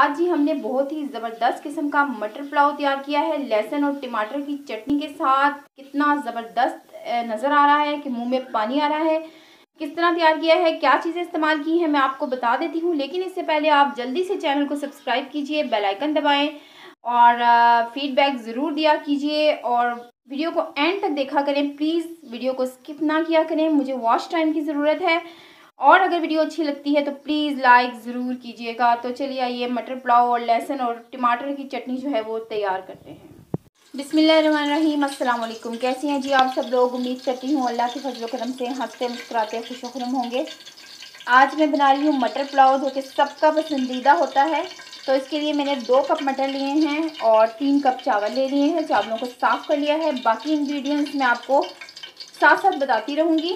आज ही हमने बहुत ही ज़बरदस्त किस्म का मटर पुलाव तैयार किया है लहसुन और टमाटर की चटनी के साथ कितना ज़बरदस्त नज़र आ रहा है कि मुंह में पानी आ रहा है किस तरह तैयार किया है क्या चीज़ें इस्तेमाल की हैं मैं आपको बता देती हूँ लेकिन इससे पहले आप जल्दी से चैनल को सब्सक्राइब कीजिए बेलाइकन दबाएँ और फीडबैक ज़रूर दिया कीजिए और वीडियो को एंड तक देखा करें प्लीज़ वीडियो को स्किप ना किया करें मुझे वॉच टाइम की ज़रूरत है और अगर वीडियो अच्छी लगती है तो प्लीज़ लाइक ज़रूर कीजिएगा तो चलिए आइए मटर पुलाव और लहसुन और टमाटर की चटनी जो है वो तैयार करते हैं बिसमीम अल्लाम कैसे हैं जी आप सब लोग उम्मीद करती हूँ अल्लाह के फजल करम से हंसते मुस्कुराते खुशखरम होंगे आज मैं बना रही हूँ मटर पुलाव जो कि सबका पसंदीदा होता है तो इसके लिए मैंने दो कप मटर लिए हैं और तीन कप चावल ले लिए हैं चावलों को साफ़ कर लिया है बाकी इंग्रेडिएंट्स मैं आपको साथ साथ बताती रहूँगी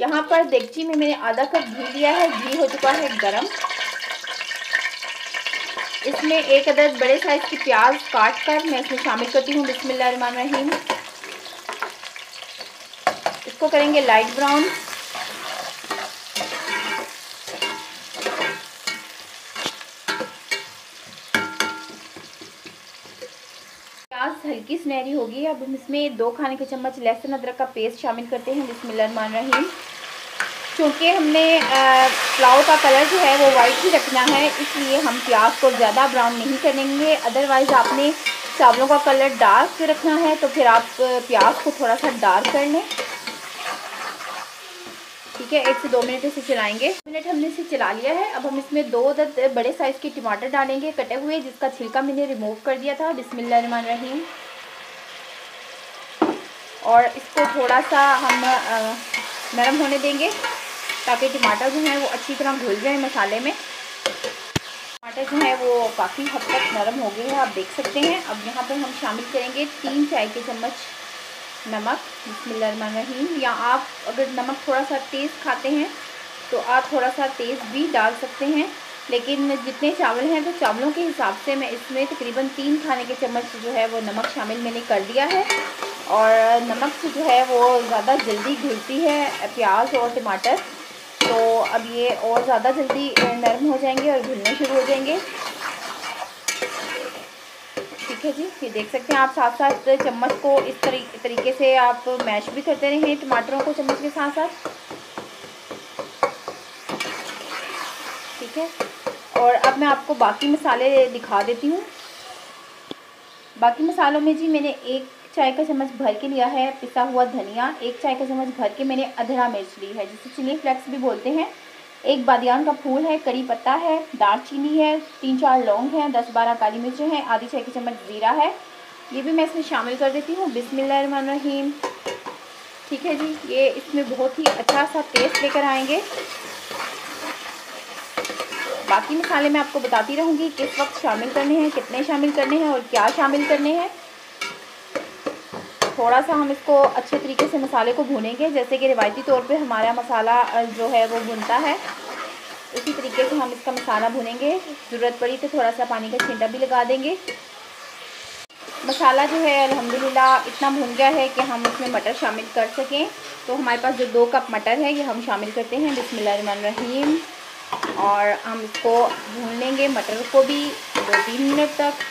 यहाँ पर देखची में मैंने आधा कप घी लिया है घी हो चुका है गरम इसमें एक अदद बड़े साइज़ की प्याज काट कर मैं इसमें शामिल करती हूँ बिस्मिल्लाह रहीम इसको करेंगे लाइट ब्राउन हल्की सुनहरी होगी अब हम इसमें दो खाने के चम्मच लहसुन अदरक का पेस्ट शामिल करते हैं मान रही क्योंकि हमने पुलाव का कलर जो है वो वाइट ही रखना है इसलिए हम प्याज को ज़्यादा ब्राउन नहीं करेंगे अदरवाइज़ आपने चावलों का कलर डार्क रखना है तो फिर आप प्याज को थोड़ा सा डार्क कर लें ठीक है एक से दो मिनट इसे चलाएंगे मिनट हमने इसे चला लिया है अब हम इसमें दो दस बड़े साइज़ के टमाटर डालेंगे कटे हुए जिसका छिलका मैंने रिमूव कर दिया था बिस्मिल्लाह रहमान रहीम और इसको थोड़ा सा हम नरम होने देंगे ताकि टमाटर जो हैं वो अच्छी तरह घुल जाए मसाले में टमाटर जो है वो काफ़ी हद तक नरम हो गए हैं आप देख सकते हैं अब यहाँ पर हम शामिल करेंगे तीन चाय के चम्मच नमक जिसमें नहीं या आप अगर नमक थोड़ा सा तेज़ खाते हैं तो आप थोड़ा सा तेज़ भी डाल सकते हैं लेकिन जितने चावल हैं तो चावलों के हिसाब से मैं इसमें तकरीबन तीन खाने के चम्मच जो है वो नमक शामिल मैंने कर दिया है और नमक से जो है वो ज़्यादा जल्दी घुलती है प्याज और टमाटर तो अब ये और ज़्यादा जल्दी नरम हो जाएंगे और घुलने शुरू हो जाएंगे ठीक है जी ये देख सकते हैं आप साथ साथ चम्मच को इस तरी, तरीके से आप मैश भी करते रहिए टमाटरों को चम्मच के साथ साथ ठीक है और अब मैं आपको बाकी मसाले दिखा देती हूँ बाकी मसालों में जी मैंने एक चाय का चम्मच भर के लिया है पिसा हुआ धनिया एक चाय का चम्मच भर के मैंने अधरा मिर्च ली है जिसे चिली फ्लेक्स भी बोलते हैं एक बादियान का फूल है करी पत्ता है दालचीनी है तीन चार लौंग हैं दस बारह काली मिर्चें हैं आधी चाय का चम्मच ज़ीरा है ये भी मैं इसमें शामिल कर देती हूँ रहीम ठीक है जी ये इसमें बहुत ही अच्छा सा टेस्ट लेकर आएंगे बाकी मसाले मैं आपको बताती रहूँगी किस वक्त शामिल करने हैं कितने शामिल करने हैं और क्या शामिल करने हैं थोड़ा सा हम इसको अच्छे तरीके से मसाले को भूनेंगे जैसे कि रिवायती तौर पे हमारा मसाला जो है वो भुनता है इसी तरीके से हम इसका मसाला भुनेंगे ज़रूरत पड़ी तो थोड़ा सा पानी का छींटा भी लगा देंगे मसाला जो है अल्हम्दुलिल्लाह इतना भुन गया है कि हम उसमें मटर शामिल कर सकें तो हमारे पास जो दो कप मटर है ये हम शामिल करते हैं बिसमीम और हम इसको भून लेंगे मटर को भी दो तीन मिनट तक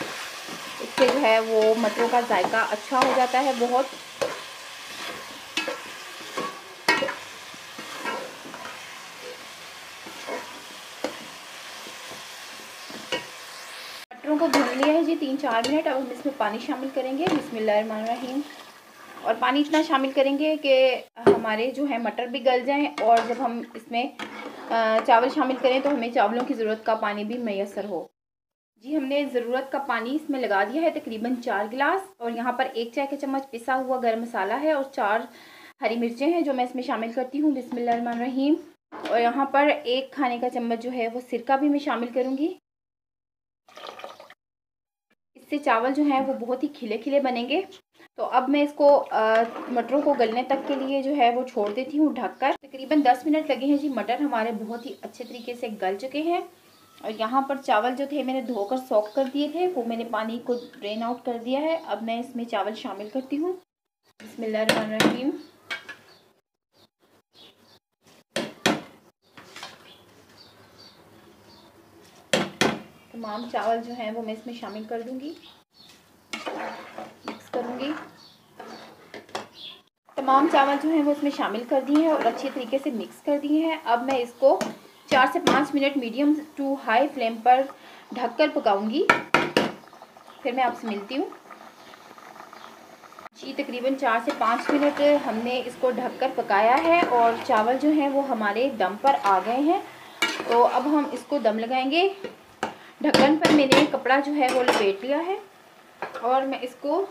इससे जो है वो मटरों का जायका अच्छा हो जाता है बहुत मटरों को भून लिया है जी तीन चार मिनट अब हम इसमें पानी शामिल करेंगे बिसमीम और पानी इतना शामिल करेंगे कि हमारे जो है मटर भी गल जाएं और जब हम इसमें चावल शामिल करें तो हमें चावलों की ज़रूरत का पानी भी मैसर हो जी हमने ज़रूरत का पानी इसमें लगा दिया है तकरीबन चार गिलास और यहाँ पर एक चाय का चम्मच पिसा हुआ गर्म मसाला है और चार हरी मिर्चें हैं जो मैं इसमें शामिल करती हूँ रहीम और यहाँ पर एक खाने का चम्मच जो है वो सिरका भी मैं शामिल करूँगी इससे चावल जो है वो बहुत ही खिले खिले बनेंगे तो अब मैं इसको मटरों को गलने तक के लिए जो है वो छोड़ देती हूँ ढककर तकरीबन 10 मिनट लगे हैं जी मटर हमारे बहुत ही अच्छे तरीके से गल चुके हैं और यहाँ पर चावल जो थे मैंने धोकर सॉक कर दिए थे वो मैंने पानी को ड्रेन आउट कर दिया है अब मैं इसमें चावल शामिल करती हूँ इसमें तमाम चावल जो हैं वो मैं इसमें शामिल कर दूँगी मिक्स करूँगी तमाम चावल जो हैं वो इसमें शामिल कर दिए हैं और अच्छे तरीके से मिक्स कर दिए हैं अब मैं इसको चार से पाँच minute medium to high flame पर ढककर पकाऊंगी फिर मैं आपसे मिलती हूँ जी तकरीबन चार से पाँच मिनट हमने इसको ढककर पकाया है और चावल जो हैं वो हमारे दम पर आ गए हैं तो अब हम इसको दम लगाएंगे ढक्कन पर मैंने कपड़ा जो है वो लपेट लिया है और मैं इसको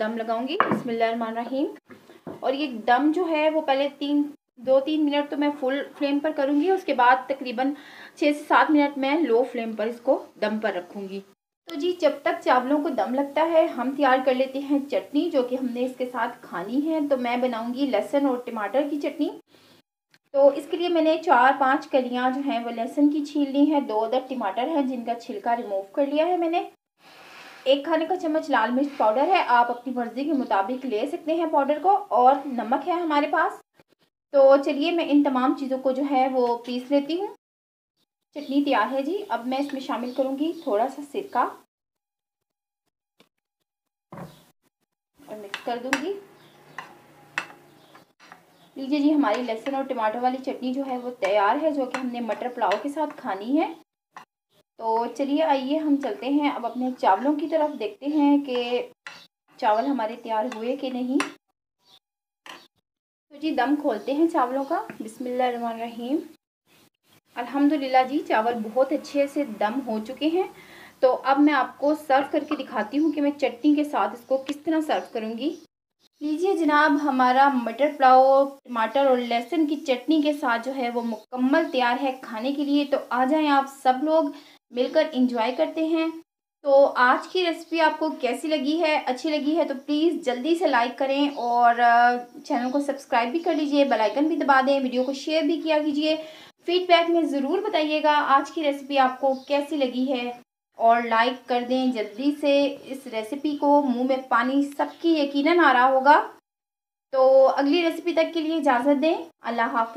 दम लगाऊंगी बसमिल्लर रहीम और ये दम जो है वो पहले तीन दो तीन मिनट तो मैं फुल फ्लेम पर करूँगी उसके बाद तकरीबन छः से सात मिनट मैं लो फ्लेम पर इसको दम पर रखूँगी तो जी जब तक चावलों को दम लगता है हम तैयार कर लेते हैं चटनी जो कि हमने इसके साथ खानी है तो मैं बनाऊँगी लहसुन और टमाटर की चटनी तो इसके लिए मैंने चार पाँच कलियाँ जो हैं वो लहसुन की छील ली हैं दो अदर टमाटर हैं जिनका छिलका रिमूव कर लिया है मैंने एक खाने का चम्मच लाल मिर्च पाउडर है आप अपनी मर्ज़ी के मुताबिक ले सकते हैं पाउडर को और नमक है हमारे पास तो चलिए मैं इन तमाम चीज़ों को जो है वो पीस लेती हूँ चटनी तैयार है जी अब मैं इसमें शामिल करूँगी थोड़ा सा सिरका और मिक्स कर दूँगी लीजिए जी हमारी लहसुन और टमाटर वाली चटनी जो है वो तैयार है जो कि हमने मटर पुलाव के साथ खानी है तो चलिए आइए हम चलते हैं अब अपने चावलों की तरफ देखते हैं कि चावल हमारे तैयार हुए कि नहीं तो जी दम खोलते हैं चावलों का बिसमीम अल्हम्दुलिल्लाह जी चावल बहुत अच्छे से दम हो चुके हैं तो अब मैं आपको सर्व करके दिखाती हूँ कि मैं चटनी के साथ इसको किस तरह सर्व करूँगी लीजिए जनाब हमारा मटर पुलाव टमाटर और लहसुन की चटनी के साथ जो है वो मुकम्मल तैयार है खाने के लिए तो आ जाएं आप सब लोग मिलकर इंजॉय करते हैं तो आज की रेसिपी आपको कैसी लगी है अच्छी लगी है तो प्लीज़ जल्दी से लाइक करें और चैनल uh, को सब्सक्राइब भी कर लीजिए बेल आइकन भी दबा दें वीडियो को शेयर भी किया कीजिए फीडबैक में ज़रूर बताइएगा आज की रेसिपी आपको कैसी लगी है और लाइक कर दें जल्दी से इस रेसिपी को मुंह में पानी सबकी यकीनन आ रहा होगा तो अगली रेसिपी तक के लिए इजाज़त दें अल्लाह हाफि